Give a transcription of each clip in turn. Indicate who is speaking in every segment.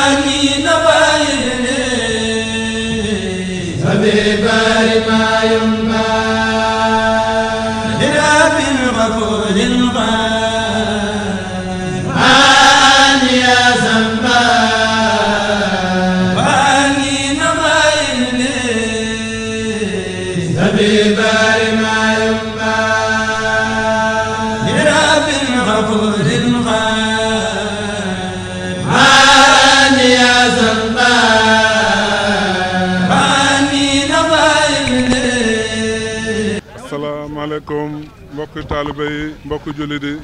Speaker 1: amiin
Speaker 2: asalaamaaleykum mbokk taaliba yi mbokk jullit yi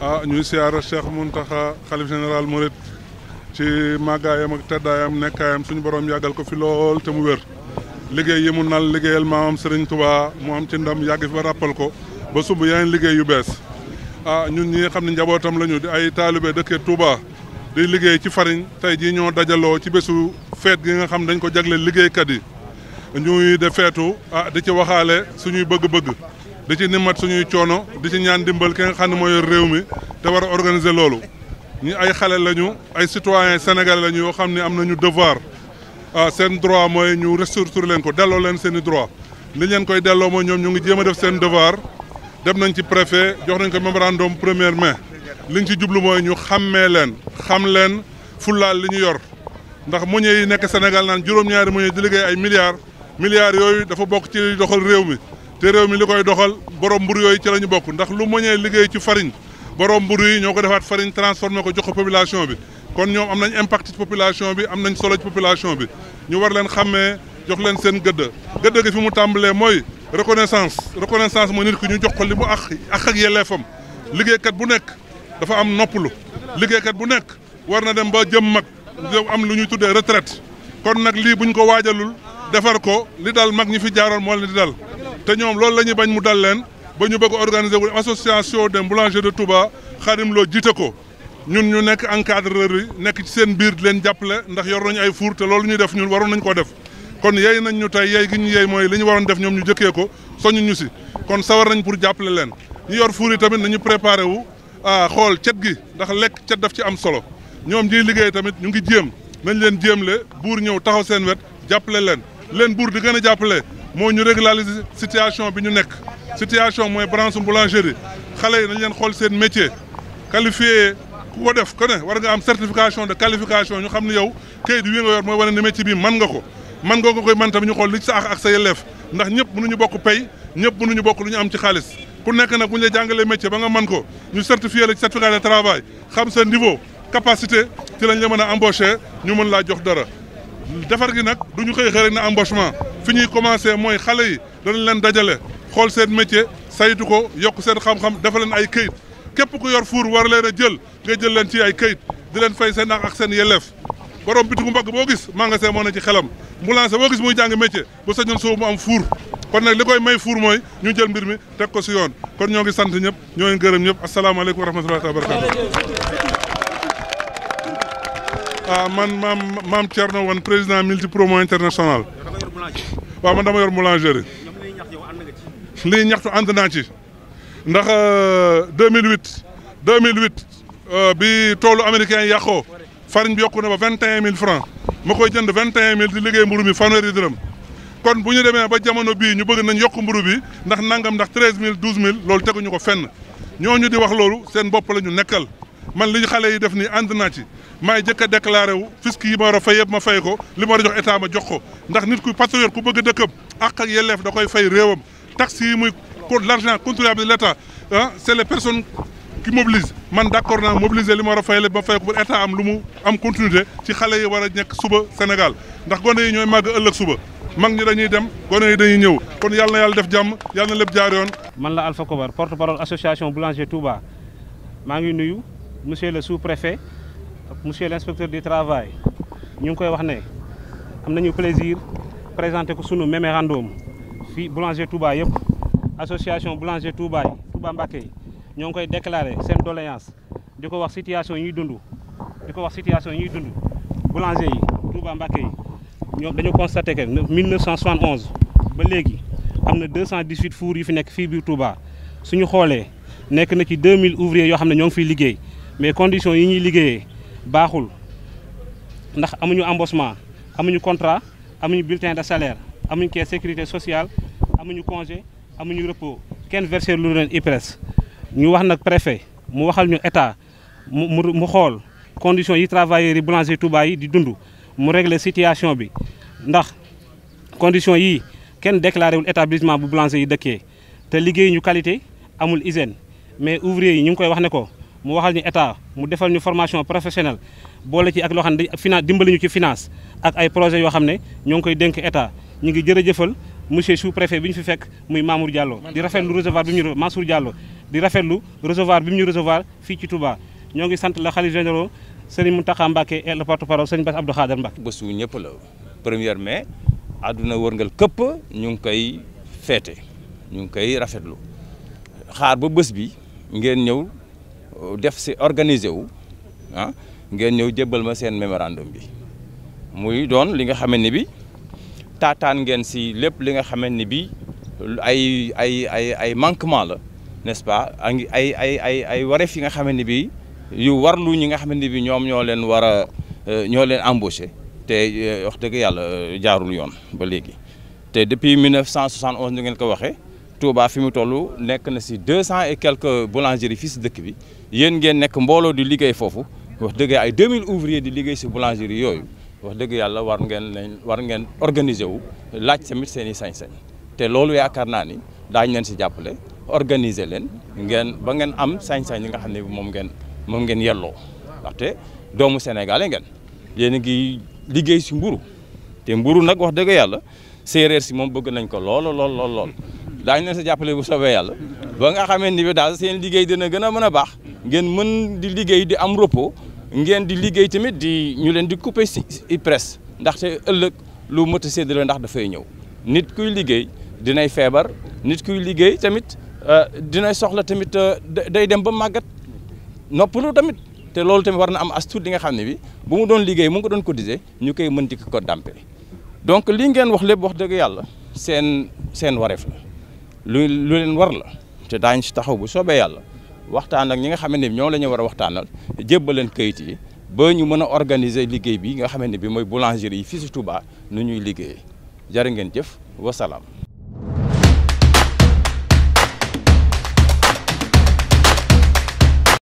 Speaker 2: ah ñuy siyaara Cheikh Mountakha xalif général Mouride ci màggaayam ak teddaayam nekkaayam suñu borom yàggal ko fi lool te mu wér liggéey yi mu nal liggéeyal maamam Serigne Touba mu am ci ndam yàgg fi ba rappal ko ba sumb yeneen liggéey yu bees ah ñun ñi xam ne njabootam lañu di ay taalibe dëkke Touba di liggéey ci fariñ tey jii ñoo dajaloo ci bésu feet gi nga xam dañ ko jagleel liggéeykat yi ñuy de feetu ah di ci waxaale suñuy bëgg-bëgg di ci nimat suñuy coono di ci ñaan dimbal kenn nga moo yor réew mi te war a loolu ñu ay xale lañu ay citoyens sénégalais lañu yoo xam ne am nañu devoir ah, seen droit mooy ñu restructurer leen ko delloo leen seen i droit li leen koy delloo mooy ñoom ñu ngi jéem a def seen devoir dem nañ ci préfet jox nañ ko mémorandum première mais li ñu ci jublu mooy ñu xàmmee leen xam leen fullaal li ñu yor ndax moo yi nekk Sénégal naan juróom-ñaari moo di liggéey ay milliards milliards yooyu dafa bokk ci doxal réew mi te réew mi li koy doxal borom mburu yooyu ci la ñu bokk ndax lu mënee liggéey ci farine borom mburu yi ñoo ko defaat farine transformé ko jox ko population bi kon ñoom am nañ impact ci population bi am nañ solo ci population bi ñu war leen xàmmee jox leen seen gëdd gëdd gi fi mu tàmbalee mooy reconnaissance reconnaissance mooy nit ki ñu jox ko li mu ak ak ak yelleefam liggéeykat bu nekk dafa am noppalu liggéeykat bu nekk war na dem ba jëm mag am lu ñuy tuddee retraite kon nag lii buñ ko waajalul defar ko li dal mag ñi fi jaaroon moo leen di dal te ñoom loolu la ñuy bañ mu dal leen ba ñu bëgg organiser wu association des boulangers de tuba Xadim loo jiite ko ñun ñu nekk encadreur yi nekk ci seen biir di leen jàppale ndax yor nañu ay four te loolu ñuy def ñun waroon nañ ko def kon yey nañ ñu tey yey gi ñu yey mooy li ñu waroon def ñoom ñu jëkkee ko soñu ñu si kon sawar nañ pour jàppale leen ñu yor four yi tamit nañu préparé wu ah, xool cet gi ndax lekk cet daf ci am solo ñoom ñiy liggéey tamit ñu ngi jéem nañ leen jéemle buur ñëw taxaw seen wet jàppale leen leen buur di gën a jàppale moo ñu régulariser situation bi ñu nekk situation mooy branche boulangerie xale yi nañ leen xool seen métier qualifié ku ko def ko war nga am certification de qualification ñu xam ne yow kayit wi nga yor mooy wane ne métier bi mën nga ko mën nga ko koy mën tamit ñu xool li ci ak ak sa yelleef ndax ñëpp ñu bokk pay ñëpp ñu bokk lu ñu am ci xaalis ku nekk nag bu ñu la jàngalee métier ba nga mën ko ñu certifié la ci certificat de xam sa niveau capacité ci lañ la mën a embaucher ñu mën laa jox dara defar gi nag du ñu xëy xëy na embauchement fi ñuy commencé mooy xale yi danañ leen dajale xool seen métier saytu ko yokk seen xam-xam defal leen ay këyit képp ku yor fuur war leen a jël nga jël leen ci ay këyit di leen fay seen ak seen yelleef borom bitigu mbagg boo gis magasin moo ne ci xelam ambulancier boo gis muy jàng métier bu sañoon suuf mu am fuur kon nag li may fuur mooy ñu jël mbir mi teg ko si yoon kon ñoo ngi sant ñëpp ñoo ngi gërëm ñëpp asalaamaaleykum wa rahmatullahi
Speaker 3: wa
Speaker 2: ah man maam maam Thierno wan président multi promo international waaw man dama yor boulangerie lii ñaxtu ànd naa ci ndax 2008 euh, 2008 euh, bi toolu américain yi yàqoo farine bi yokku na ba vingt et un mille francs ma koy jënd vingt et un mille di liggéey mburu mi fanweeri dërëm kon bu ñu demee ba jamono bii ñu bëgg nañ yokk mburu bi ndax nangam ndax treize mille douze mille loolu teguñu ko fenn ñu di wax loolu seen bopp la ñu nekkal man li xale yi def nii ànd naa ci maay jëkk a déclaré wu fisc yi ma war a fay yëpp ma fay ko li ma war a jox état ma jox ko ndax nit ku patriote ku bëgg dëkkam ak ak yelleef da koy fay réewam taxes yi muy pour l' argent contribuable de l' état ah c' est les man d' accord naa mobiliser li ma war a fay lépp ma fay ko pour état am lu mu am continuité ci xale yi war a nekk suba Sénégal ndax gone yi ñooy màgg ëllëg suba mag ñi dañuy dem gone yi dañuy ñëw
Speaker 3: kon yàlla yàlla def jàmm yàlla na jaar yoon. man la Alpha Kobar porte parole association boulanger Touba maa ngi nuyu. monsieur le sous-préfet ak monsieur l'inspecteur du travail ñu ngi koy wax ne am nañu plaisir présenter ko sunu mémorandum fii boulanger Touba yëpp association boulanger Touba yi Touba ñoo ngi koy déclarer seen doléance di ko wax situation ñuy dund di ko wax situation yi ñuy dund boulanger yi Touba Mbacké yi ñoom dañu constaté que 1971 ba léegi am na 218 fours yu fi nekk fii biir Touba suñu xoolee nekk na ci 2000 ouvriers yoo xam ne ñoo ngi fiy liggéey mais conditions yi ñuy liggéeyee baaxul ndax amuñu embauchement amuñu contrat amuñu bulletin de salaire amuñu caisse sécurité sociale amuñu congé amuñu repos kenn versé lu leen IPRES ñu wax nag préfet mu waxal ñu état mu mu mu xool conditions yi travailleurs yi boulanger Touba yi di dundu mu régler situation bi ndax conditions yi kenn déclaré wul établissement bu boulanger yi dëkkee te liggéey ñu qualité amul hygiène mais ouvrier yi ñu ngi koy wax ne ko mu waxal ñu état mu defal ñu formation professionnelle boole ci ak loo xam ne finance dimbali ñu ci finance ak ay projet yoo xam ne ñoo ngi koy dénk état ñu ngi jëfal monsieur sous préfet bi ñu fi fekk muy Mamour Diallo di rafetlu recevoir bi ñu Mansour Diallo di rafetlu recevoir bi mu ñu recevoir fii ci tubaa ñoo ngi sant la xalifa général sëriñ Mountakha Mbacké et le porte-parole sëriñ Bass Abdou Khadre Mbacké bésu ñëpp la
Speaker 1: premier mai àdduna wërngal këpp ñu ngi koy feete ñu ngi koy rafet lu xaar ba bés bi ngeen ñëw def si organiser wu ah ngeen ñëw jébbal ma seen mémorandum bi muy doon li nga xamante ni bi taataan ngeen si lépp li nga xamante ni bi ay ay ay ay manquement la n'est-ce pas ay ay ay ay wareef yi nga xamante ni bi yu war warlu ñi nga xamante ni bi ñoom ñoo leen war a euh, ñoo leen embauché te euh, wax dëgg yàlla euh, jaarul yoon ba léegi te depuis 1971 ni ngeen ko waxee Touba fi mu toll nekk na si deux cent et quelques boulangeries fii si dëkk bi yéen ngeen nekk mbooloo di liggéey foofu wax dëgg ay deux mil ouvriers di liggéey si boulangerie yooyu wax dëgg yàlla war ngeen leen war ngeen organiser wu laaj tamit seen i sañ-sañ te loolu yaakaar naa ni daañu leen si jàppale organiser leen ngeen ba ngeen am sañ-sañ yi nga xam ne moom ngeen moom ngeen yelloo ndaxte doomu Sénégalais ngeen yéen a liggéey si mburu te mburu nag wax dëgg yàlla séeréer si moom bëgg nañ ko lool lool lool lool. daañu leen sa jàppale bu soobee yàlla ba nga xamee ni bi daal seen liggéey dina gën a mën a baax ngeen mën di liggéey di am repos ngeen di liggéey tamit di ñu leen di couper si presse ndaxte ëllëg lu mot a séddale ndax dafay ñëw nit kuy liggéey dinay feebar nit kuy liggéey tamit euh, dinay soxla tamit euh, day dem ba màggat noppalu tamit te loolu tamit war na am as tuut li nga xam ne bi bu mu doon liggéey mu ngi ko doon cotiser ñu koy mën di ko dampé donc li ngeen wax lépp wax dëgg yàlla seen seen wareef lu lu leen war la te daañ si taxaw bu soobee yàlla waxtaan ak ñi nga xamante ni ñoom la ñu war a waxtaanal leen kayit yi ba ñu mën a organiser liggéey bi nga xamante ne bi mooy boulangerie yi fii si Touba nu ñuy liggéey jërë ngeen jëf wasalaam